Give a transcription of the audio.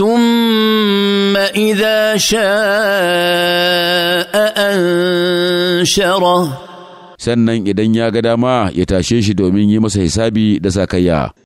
ثم اذا شاء انشره sannan idan ya ga dama ya tashe shi domin yi masa hisabi da sakayya